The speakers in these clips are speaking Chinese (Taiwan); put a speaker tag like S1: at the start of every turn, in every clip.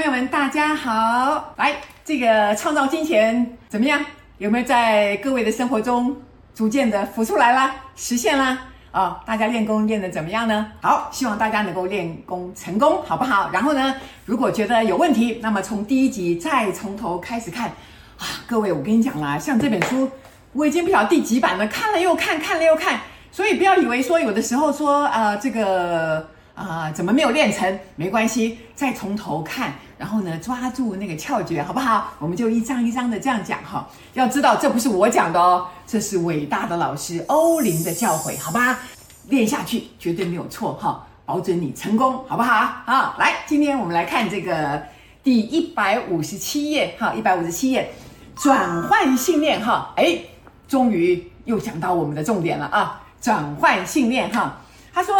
S1: 朋友們，大家好！來，這個創造金錢怎麼樣？有沒有在各位的生活中逐漸的浮出來啦？實現啦？啊、哦，大家練功練得怎麼樣呢？好，希望大家能夠練功成功，好不好？然後呢，如果覺得有問題，那麼從第一集再從頭開始看啊！各位，我跟你講啦、啊，像這本書，我已經不曉第幾版了，看了又看，看了又看，所以不要以為說有的時候說啊、呃、這個。啊，怎麼沒有練成？沒關係，再從頭看，然後呢，抓住那個竅訣，好不好？我們就一張一張的這樣講哈、哦。要知道，這不是我講的哦，這是偉大的老師歐林的教誨，好吧？練下去絕對沒有錯哈、哦，保準你成功，好不好？好，來，今天我們來看這個第一百五十七頁哈，一百五十七頁，轉換信念哈，哎、哦，終於又講到我們的重點了啊、哦，轉換信念哈，他說。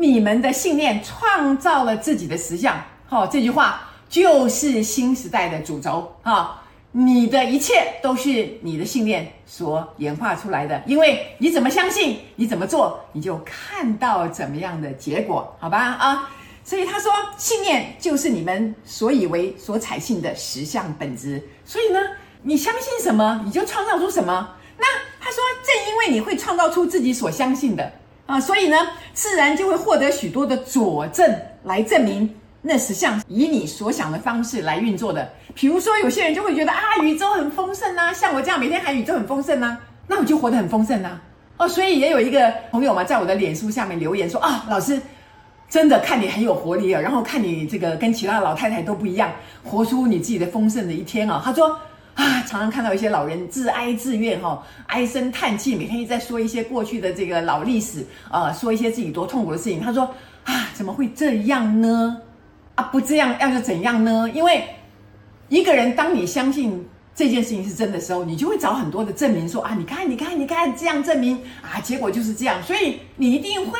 S1: 你們的信念創造了自己的實相，好，這句話就是新時代的主軸啊！你的一切都是你的信念所演化出來的，因為你怎麼相信，你怎麼做，你就看到怎麼樣的結果，好吧？啊，所以他說，信念就是你們所以為所採信的實相本質。所以呢，你相信什麼，你就創造出什麼。那他說，正因為你會創造出自己所相信的。啊，所以呢，自然就會獲得許多的佐證來證明那是像以你所想的方式來運作的。比如說，有些人就會覺得啊，宇宙很豐盛啊，像我這樣每天喊宇宙很豐盛啊，那我就活得很豐盛啊。哦，所以也有一個朋友嘛，在我的臉書下面留言說啊，老師，真的看你很有活力啊，然後看你這個跟其他老太太都不一樣，活出你自己的豐盛的一天啊。他說。啊，常常看到一些老人自哀自怨、哦，哈，唉聲嘆氣，每天一直在說一些過去的這個老歷史，啊、呃，說一些自己多痛苦的事情。他說，啊，怎麼會這樣呢？啊，不這樣，要就怎樣呢？因為一個人，當你相信這件事情是真的時候，你就會找很多的證明說，說啊，你看，你看，你看，這樣證明啊，結果就是這樣。所以你一定會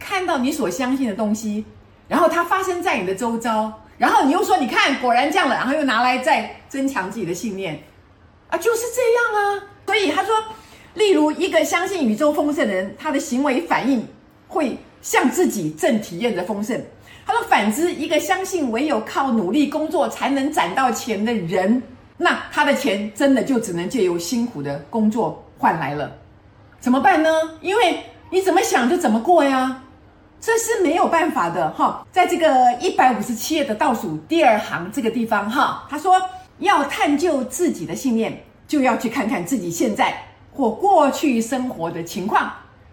S1: 看到你所相信的東西，然後它發生在你的周遭。然後你又說，你看，果然這樣了。然後又拿來再增強自己的信念，啊，就是這樣啊。所以他說，例如一個相信宇宙豐盛的人，他的行為反應會向自己正體驗著豐盛。他說，反之，一個相信唯有靠努力工作才能攢到錢的人，那他的錢真的就只能借由辛苦的工作換來了。怎麼辦呢？因為你怎麼想就怎麼過呀。這是沒有辦法的哈，在這個一百五十七頁的倒數第二行這個地方哈，他說要探究自己的信念，就要去看看自己現在或過去生活的情況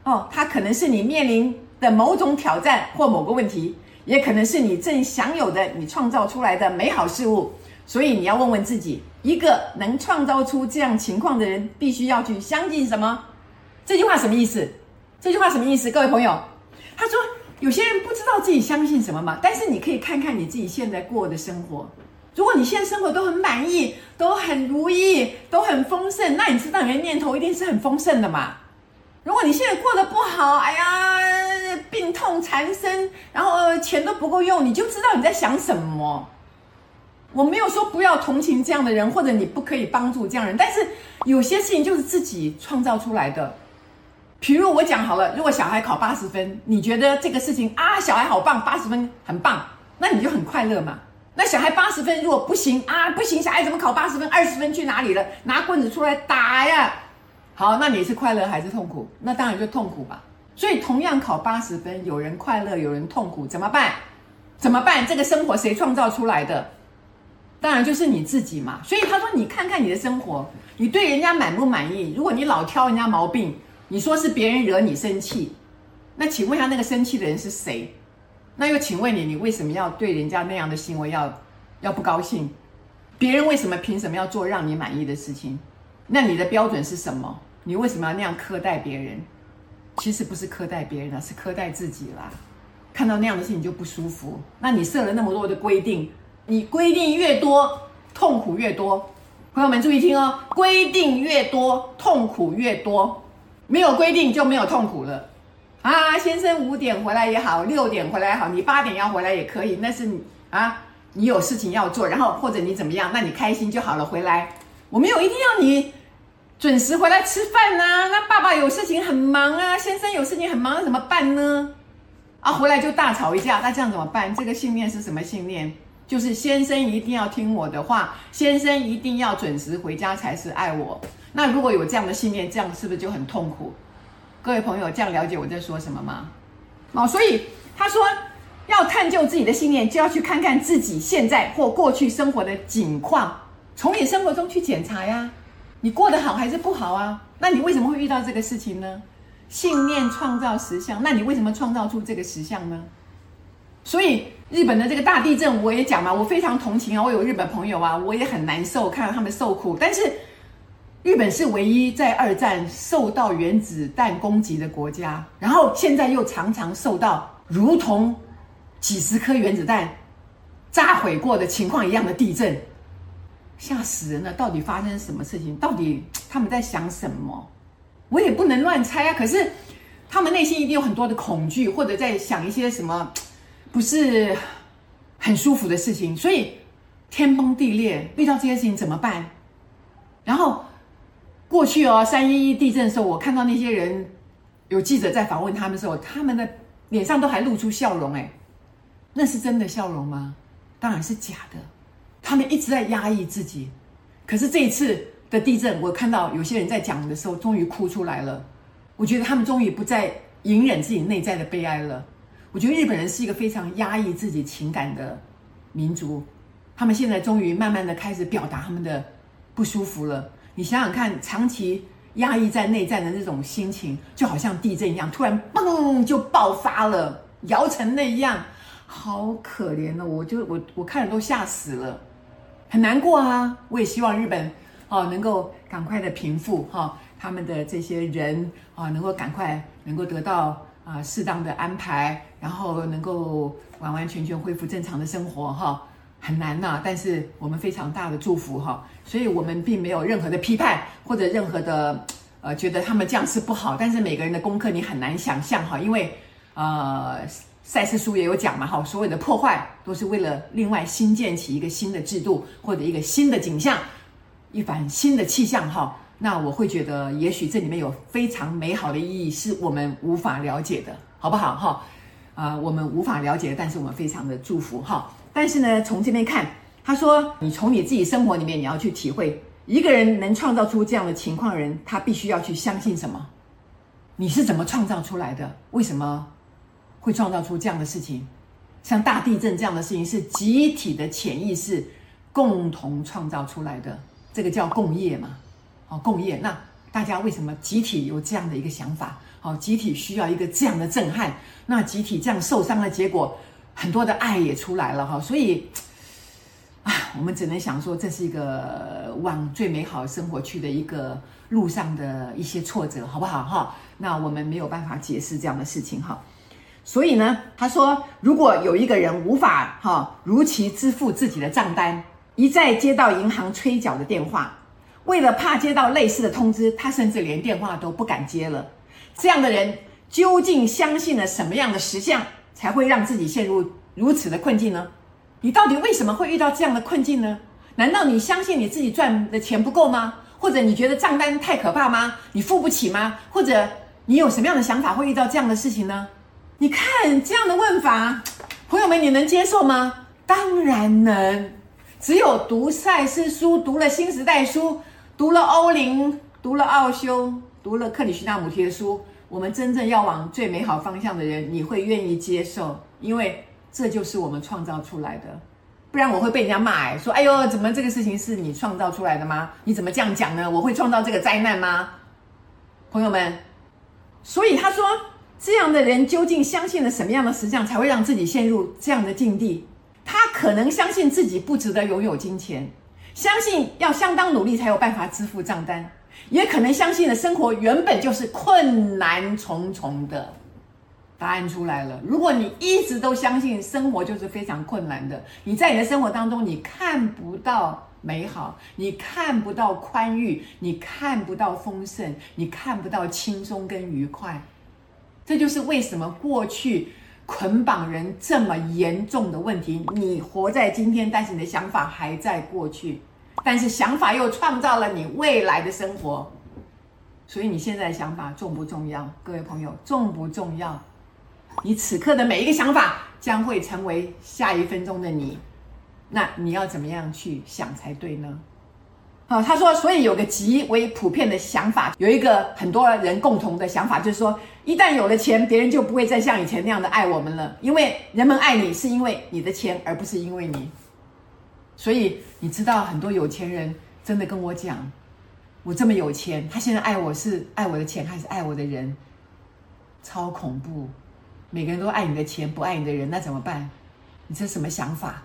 S1: 哦。它可能是你面臨的某種挑戰或某個問題，也可能是你正享有的你創造出來的美好事物。所以你要問問自己，一個能創造出這樣情況的人，必須要去相信什麼？這句話什麼意思？這句話什麼意思？各位朋友，他說。有些人不知道自己相信什麼嘛，但是你可以看看你自己現在過的生活。如果你現在生活都很滿意，都很如意，都很豐盛，那你知道你的念頭一定是很豐盛的嘛。如果你現在過得不好，哎呀，病痛纏身，然後，呃，錢都不夠用，你就知道你在想什麼。我沒有說不要同情這樣的人，或者你不可以幫助這樣的人，但是有些事情就是自己創造出來的。比如我講好了，如果小孩考八十分，你覺得這個事情啊，小孩好棒，八十分很棒，那你就很快樂嘛。那小孩八十分，如果不行啊，不行，小孩怎麼考八十分，二十分去哪裡了？拿棍子出來打呀！好，那你是快樂還是痛苦？那當然就痛苦吧。所以同樣考八十分，有人快樂，有人痛苦，怎麼辦？怎麼辦？這個生活誰創造出來的？當然就是你自己嘛。所以他說，你看看你的生活，你對人家滿不滿意？如果你老挑人家毛病。你說是別人惹你生氣，那請問一下那個生氣的人是誰？那又請問你，你為什麼要對人家那樣的行為要要不高興？別人為什麼憑什麼要做讓你滿意的事情？那你的標準是什麼？你為什麼要那樣苛待別人？其實不是苛待別人了，是苛待自己啦。看到那樣的事情你就不舒服。那你設了那麼多的規定，你規定越多，痛苦越多。朋友們注意聽哦，規定越多，痛苦越多。沒有規定就沒有痛苦了，啊，先生五點回來也好，六點回來也好，你八點要回來也可以，那是你啊，你有事情要做，然後或者你怎麼樣，那你開心就好了。回來我沒有一定要你準時回來吃飯啊，那爸爸有事情很忙啊，先生有事情很忙怎麼辦呢？啊，回來就大吵一架，那這樣怎麼辦？這個信念是什麼信念？就是先生一定要聽我的話，先生一定要準時回家才是愛我。那如果有這樣的信念，這樣是不是就很痛苦？各位朋友，這樣了解我在說什麼嗎？哦，所以他說要探究自己的信念，就要去看看自己現在或過去生活的景況，從你生活中去檢查呀，你過得好還是不好啊？那你為什麼會遇到這個事情呢？信念創造實相，那你為什麼創造出這個實相呢？所以日本的這個大地震，我也講嘛，我非常同情啊，我有日本朋友啊，我也很難受，看到他們受苦，但是。日本是唯一在二戰受到原子彈攻擊的國家，然後現在又常常受到如同幾十顆原子彈炸毀過的情況一樣的地震。嚇死人了！到底發生什麼事情？到底他們在想什麼？我也不能亂猜啊。可是他們內心一定有很多的恐懼，或者在想一些什麼不是很舒服的事情。所以天崩地裂，遇到這些事情怎麼辦？然後，過去哦，三一一地震的時候，我看到那些人，有記者在訪問他們的時候，他們的臉上都還露出笑容，誒，那是真的笑容嗎？當然是假的，他們一直在壓抑自己。可是這一次的地震，我看到有些人在講的時候，終於哭出來了。我覺得他們終於不再隱忍自己內在的悲哀了。我覺得日本人是一個非常壓抑自己情感的民族，他們現在終於慢慢的開始表達他們的不舒服了。你想想看，長期壓抑在內戰的那種心情，就好像地震一樣，突然嘣，就爆發了，搖成那樣，好可憐哦！我就我我看着都嚇死了，很難過啊。我也希望日本哦能夠趕快的平復哈、哦，他們的這些人啊、哦、能夠趕快能夠得到啊、呃、適當的安排，然後能夠完完全全恢復正常的生活哈。哦很難吶、啊，但是我們非常大的祝福哈、哦，所以我們並沒有任何的批判或者任何的呃，覺得他們這樣是不好。但是每個人的功課你很難想象哈、哦，因為呃，賽斯書也有講嘛哈、哦，所有的破壞都是為了另外新建起一個新的制度或者一個新的景象，一番新的氣象哈、哦。那我會覺得，也許這裡面有非常美好的意義，是我們無法了解的，好不好哈？啊、哦呃，我們無法了解，但是我們非常的祝福哈。哦但是呢，從這邊看，他說你從你自己生活裡面，你要去體會一個人能創造出這樣的情況的人，人他必須要去相信什麼？你是怎麼創造出來的？為什麼會創造出這樣的事情？像大地震這樣的事情是集體的潛意識共同創造出來的，這個叫共業嘛。哦，共業。那大家為什麼集體有這樣的一個想法？哦，集體需要一個這樣的震撼。那集體這樣受傷的結果。很多的愛也出來了哈，所以，啊，我們只能想說，這是一個往最美好生活去的一個路上的一些挫折，好不好哈？那我們沒有辦法解釋這樣的事情哈。所以呢，他說，如果有一個人無法哈如期支付自己的賬單，一再接到銀行催繳的電話，為了怕接到類似的通知，他甚至連電話都不敢接了。這樣的人究竟相信了什麼樣的實相？才會讓自己陷入如此的困境呢？你到底為什麼會遇到這樣的困境呢？難道你相信你自己賺的錢不夠嗎？或者你覺得賬單太可怕嗎？你付不起嗎？或者你有什麼樣的想法會遇到這樣的事情呢？你看這樣的問法，朋友們，你能接受嗎？當然能。只有讀賽斯書，讀了新時代書，讀了歐林，讀了奧修，讀了克裡希那穆提的書。我們真正要往最美好方向的人，你會願意接受？因為這就是我們創造出來的，不然我會被人家罵、欸，說：“哎呦，怎麼這個事情是你創造出來的嗎？你怎麼這樣講呢？我會創造這個災難嗎？”朋友們，所以他說，這樣的人究竟相信了什麼樣的實相，才會讓自己陷入這樣的境地？他可能相信自己不值得擁有金錢，相信要相當努力才有辦法支付賬單。也可能相信的生活原本就是困難重重的。答案出來了，如果你一直都相信生活就是非常困難的，你在你的生活當中，你看不到美好，你看不到寬裕，你看不到豐盛，你看不到輕鬆跟愉快，這就是為什麼過去捆綁人這麼嚴重的問題。你活在今天，但是你的想法還在過去。但是想法又創造了你未來的生活，所以你現在的想法重不重要？各位朋友，重不重要？你此刻的每一個想法將會成為下一分鐘的你，那你要怎麼樣去想才對呢？好，他說，所以有個極為普遍的想法，有一個很多人共同的想法，就是說，一旦有了錢，別人就不會再像以前那樣的愛我們了，因為人們愛你是因為你的錢，而不是因為你。所以你知道很多有錢人真的跟我講，我這麼有錢，他現在愛我是愛我的錢還是愛我的人？超恐怖！每個人都愛你的錢，不愛你的人，那怎麼辦？你這是什麼想法？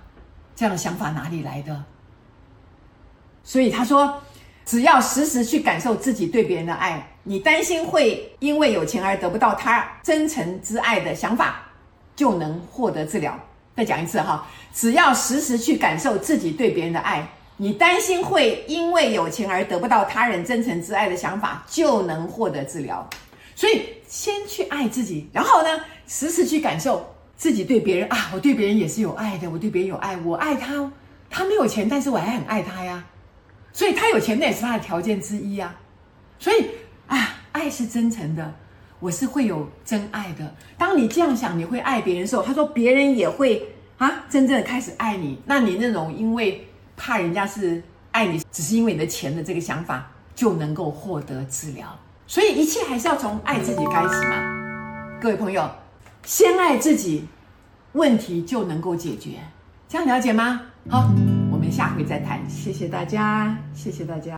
S1: 這樣的想法哪裡來的？所以他說，只要時時去感受自己對別人的愛，你擔心會因為有錢而得不到他真誠之愛的想法，就能獲得治療。再講一次哈，只要時時去感受自己對別人的愛，你擔心會因為有錢而得不到他人真誠之愛的想法，就能獲得治療。所以，先去愛自己，然後呢，時時去感受自己對別人啊，我對別人也是有愛的，我對別人有愛，我愛他，他沒有錢，但是我還很愛他呀。所以，他有錢那也是他的條件之一啊。所以啊，愛是真誠的。我是會有真愛的。當你這樣想，你會愛別人的時候，他說別人也會啊，真正的開始愛你。那你那種因為怕人家是愛你，只是因為你的錢的這個想法，就能夠獲得治療。所以一切還是要從愛自己開始嘛。各位朋友，先愛自己，問題就能夠解決。這樣了解嗎？好，我們下回再談。謝謝大家，謝謝大家。